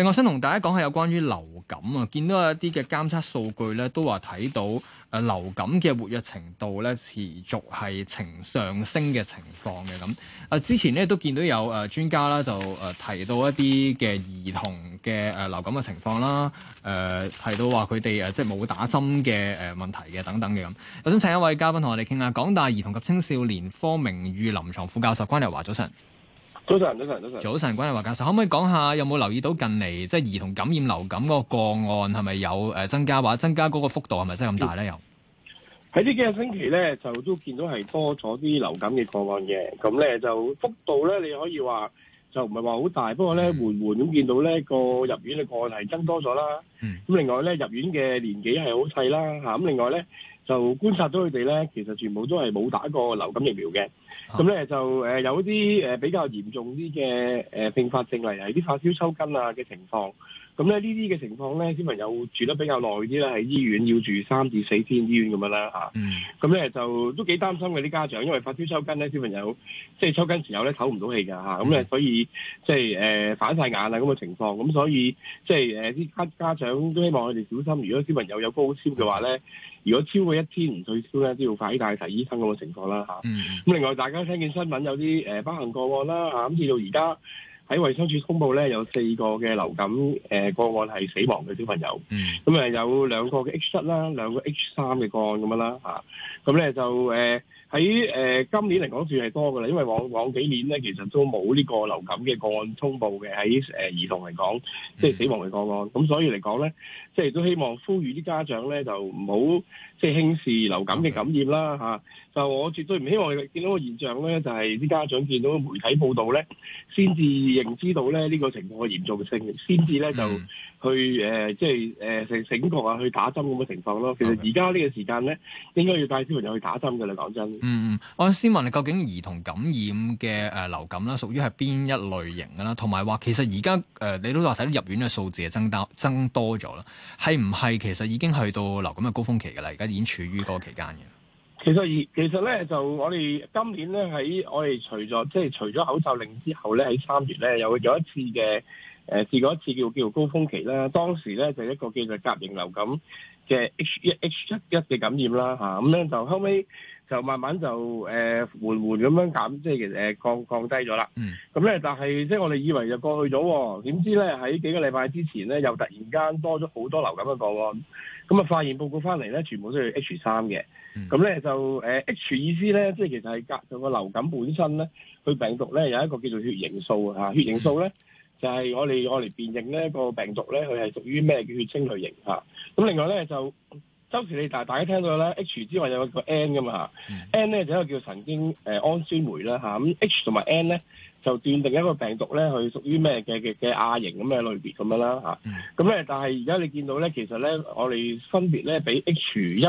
另外，想同大家講下有關於流感啊，見到一啲嘅監測數據咧，都話睇到誒流感嘅活躍程度咧持續係呈上升嘅情況嘅咁。啊，之前咧都見到有誒專家啦，就誒提到一啲嘅兒童嘅誒流感嘅情況啦，誒提到話佢哋誒即係冇打針嘅誒問題嘅等等嘅咁。我想請一位嘉賓同我哋傾下，港大兒童及青少年科名譽臨床副教授關日華早晨。早晨，早晨，早晨。早晨，關日華教授，可唔可以講下有冇留意到近嚟即係兒童感染流感嗰個個案係咪有誒增加，或者增加嗰個幅度係咪真係咁大咧？又喺呢幾個星期咧，就都見到係多咗啲流感嘅個案嘅，咁咧就幅度咧你可以話就唔係話好大，不過咧緩緩咁見到咧個入院嘅個案係增多咗啦。咁另外咧入院嘅年紀係好細啦嚇，咁另外咧。就觀察到佢哋咧，其實全部都係冇打過流感疫苗嘅，咁、啊、咧就誒有一啲誒比較嚴重啲嘅誒併發症，例如係啲發燒抽筋啊嘅情況。咁咧呢啲嘅情況咧，小朋友住得比較耐啲咧，喺醫院要住三至四天醫院咁樣啦嚇。咁咧就都幾擔心嗰啲家長，因為發燒抽筋咧，小朋友即係、就是、抽筋時候咧唞唔到氣㗎嚇。咁咧所以即係、就是呃、反晒眼啊咁嘅情況。咁所以即係誒啲家家長都希望佢哋小心。如果小朋友有高燒嘅話咧，mm. 如果超過一天唔退燒咧，都要快啲帶佢睇醫生咁嘅情況啦嚇。咁、mm. 另外大家聽見新聞有啲誒不幸個案啦嚇。咁至到而家。喺衛生署公布咧，有四個嘅流感誒個案係死亡嘅小朋友，嗯，咁誒有兩個嘅 H 七啦，兩個 H 三嘅個案咁樣啦吓，咁咧就誒。呃喺誒、呃、今年嚟講算係多㗎啦，因為往往幾年咧，其實都冇呢個流感嘅個案通報嘅，喺誒、呃、兒童嚟講，即係死亡嘅個案。咁、mm -hmm. 所以嚟講咧，即係都希望呼籲啲家長咧，就唔好即係輕視流感嘅感染啦嚇、okay. 啊。就我絕對唔希望見到個現象咧，就係、是、啲家長見到個媒體報道咧，先至認知到咧呢、這個情況嘅嚴重性，先至咧就去誒、mm -hmm. 呃、即係誒醒醒覺啊，去打針咁嘅情況咯。其實而家呢個時間咧，應該要帶小朋友去打針㗎啦，講真。嗯嗯，我想先問你，究竟兒童感染嘅誒流感啦，屬於係邊一類型嘅啦？同埋話，其實而家誒你都話睇到入院嘅數字係增加增多咗啦，係唔係其實已經去到流感嘅高峰期㗎啦？而家已經處於嗰期間嘅。其實而其實咧就我哋今年咧喺我哋除咗即係除咗口罩令之後咧，喺三月咧有有一次嘅誒，試過一次叫叫高峰期啦。當時咧就係、一個叫做甲型流感嘅 H 一 H 一一嘅感染啦嚇，咁咧就後尾。就慢慢就誒、呃、緩緩咁樣減，即係其實誒降降低咗啦。咁、mm. 咧，但係即係我哋以為就過去咗，點知咧喺幾個禮拜之前咧，又突然間多咗好多流感嘅個案。咁啊，化驗報告翻嚟咧，全部都係 H 三嘅。咁、mm. 咧就誒、呃、H 意思咧，即係其實係隔上個流感本身咧，佢病毒咧有一個叫做血凝素啊。血凝素咧就係我哋我嚟辨認呢個病毒咧，佢係屬於咩嘅血清類型啊。咁另外咧就。周時你但大，大家聽到啦 H 之外有個 N 噶嘛嚇，N 咧就一個叫神經誒氨、呃、酸酶啦吓，咁 H 同埋 N 咧就斷定一個病毒咧佢屬於咩嘅嘅嘅亞型咁嘅類別咁樣啦吓，咁、嗯、咧但係而家你見到咧，其實咧我哋分別咧俾 H 一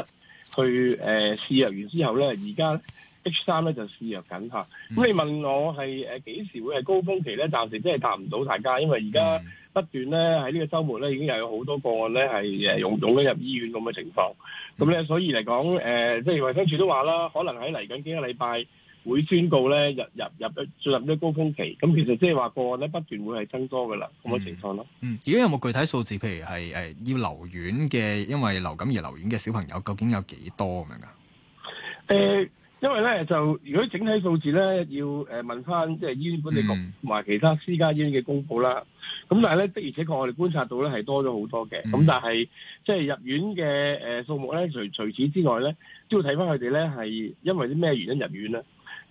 去誒、呃、試藥完之後咧，而家。H 三咧就試入緊吓，咁你問我係誒幾時會係高峯期咧？暫時真係答唔到大家，因為而家不斷咧喺呢個週末咧已經又有好多個案咧係誒擁擁咗入醫院咁嘅情況，咁咧所以嚟講誒，即係衞生署都話啦，可能喺嚟緊幾個禮拜會宣告咧入入入進入咗高峯期，咁其實即係話個案咧不斷會係增多㗎啦，咁嘅情況咯。嗯，而家有冇具體數字？譬如係誒要留院嘅，因為流感而留院嘅小朋友究竟有幾多咁樣噶？誒。因為咧就如果整體數字咧要、呃、問翻即係醫院管理局同埋其他私家醫院嘅公布啦，咁但係咧的而且確我哋觀察到咧係多咗好多嘅，咁、嗯、但係即係入院嘅、呃、數目咧，除除此之外咧都要睇翻佢哋咧係因為啲咩原因入院咧。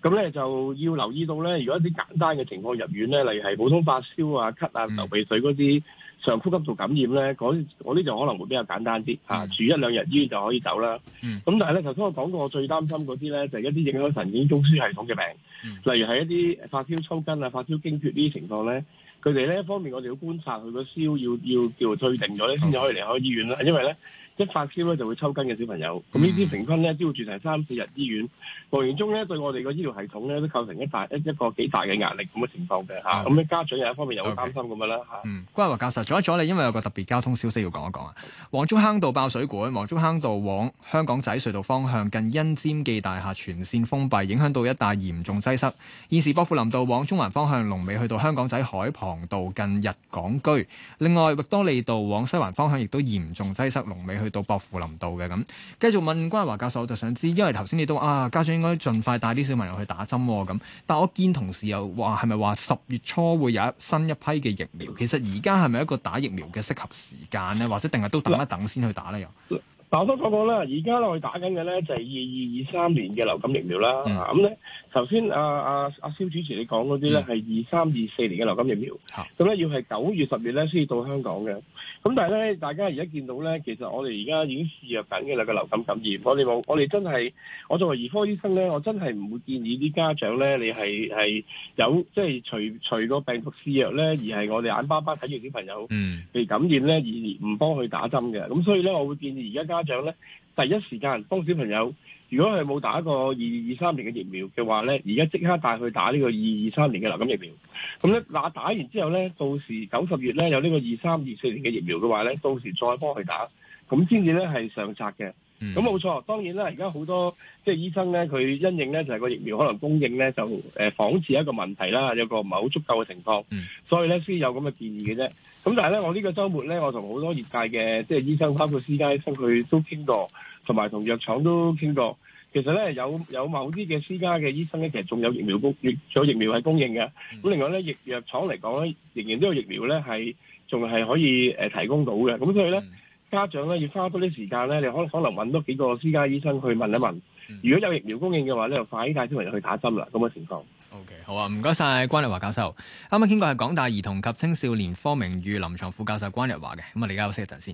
咁咧就要留意到咧，如果一啲簡單嘅情況入院咧，例如係普通發燒啊、咳啊、流鼻水嗰啲上呼吸道感染咧，嗰啲就可能會比較簡單啲、嗯、住一兩日醫院就可以走啦。咁、嗯、但係咧，頭先我講過，我最擔心嗰啲咧就係、是、一啲影響神經中樞系統嘅病、嗯，例如係一啲發燒抽筋啊、發燒驚厥呢啲情況咧，佢哋咧一方面我哋要觀察佢個燒要要叫退定咗咧，先至可以離開醫院啦、嗯，因為咧。一發燒咧就會抽筋嘅小朋友，咁、嗯、呢啲平均呢都要住成三四日醫院，無形中呢對我哋個醫療系統呢都構成一大一一個幾大嘅壓力咁嘅情況嘅嚇，咁、嗯、啲、啊、家長有一方面又擔心咁樣啦嚇。嗯，關日華教授，阻一阻你，因為有個特別交通消息要講一講啊。黃竹坑道爆水管，黃竹坑道往香港仔隧道方向近恩尖記大廈全線封閉，影響到一帶嚴重擠塞。現時薄扶林道往中環方向龍尾去到香港仔海傍道近日港居，另外域多利道往西環方向亦都嚴重擠塞，龍尾去。到薄扶林道嘅咁，繼續問關日華教授，我就想知，因為頭先你都話啊，家長應該盡快帶啲小朋友去打針咁、啊，但係我見同事又話係咪話十月初會有一新一批嘅疫苗？其實而家係咪一個打疫苗嘅適合時間呢？或者定係都等一等先去打呢？又、嗯，但我都講過啦，而家我哋打緊嘅呢就係二二二三年嘅流感疫苗啦。咁呢頭先阿阿阿蕭主持你講嗰啲呢係二三二四年嘅流感疫苗，咁、嗯、呢、嗯啊啊嗯、要係九月十月呢先至到香港嘅。咁但係咧，大家而家見到咧，其實我哋而家已經肆虐緊嘅啦，個流感感染。我哋冇，我哋真係，我作為兒科醫生咧，我真係唔會建議啲家長咧，你係有即係除除個病毒肆虐咧，而係我哋眼巴巴睇住小朋友嗯被感染咧，而唔幫佢打針嘅。咁所以咧，我會建議而家家長咧。第一時間幫小朋友，如果佢冇打過二二三年嘅疫苗嘅話咧，而家即刻帶佢打呢個二二三年嘅流感疫苗。咁咧，打打完之後咧，到時九十月咧有呢個二三二四年嘅疫苗嘅話咧，到時再幫佢打，咁先至咧係上策嘅。咁、mm. 冇錯，當然啦，而家好多即係醫生咧，佢因應咧就係、是、個疫苗可能供應咧就誒、呃、仿似一個問題啦，有個唔係好足夠嘅情況，mm. 所以咧先有咁嘅建議嘅啫。咁但係咧，我呢個週末咧，我同好多業界嘅即係醫生，包括私家醫生，佢都傾過。同埋同藥廠都傾過，其實咧有有某啲嘅私家嘅醫生咧，其實仲有疫苗供，有疫苗係供應嘅。咁、嗯、另外咧，疫苗廠嚟講咧，仍然都有疫苗咧，係仲係可以、呃、提供到嘅。咁所以咧，嗯、家長咧要花多啲時間咧，你可能可能搵多幾個私家醫生去問一問，嗯、如果有疫苗供應嘅話咧，就快啲帶小朋友去打針啦。咁嘅情況。O、okay, K，好啊，唔該晒。關日華教授。啱啱傾過係港大兒童及青少年科名譽臨牀副教授關日華嘅。咁我哋而家休息一陣先。